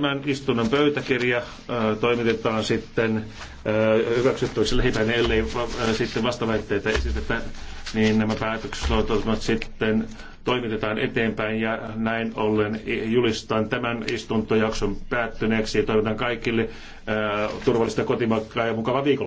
Tämän istunnon pöytäkirja äh, toimitetaan sitten äh, hyväksyttäväksi lähipäin, ellei äh, sitten vastaväitteitä esitetä, niin nämä päätökset sitten toimitetaan eteenpäin ja näin ollen julistan tämän istuntojakson päättyneeksi ja toivotan kaikille turvallista kotimatkaa ja mukavaa viikonloppua.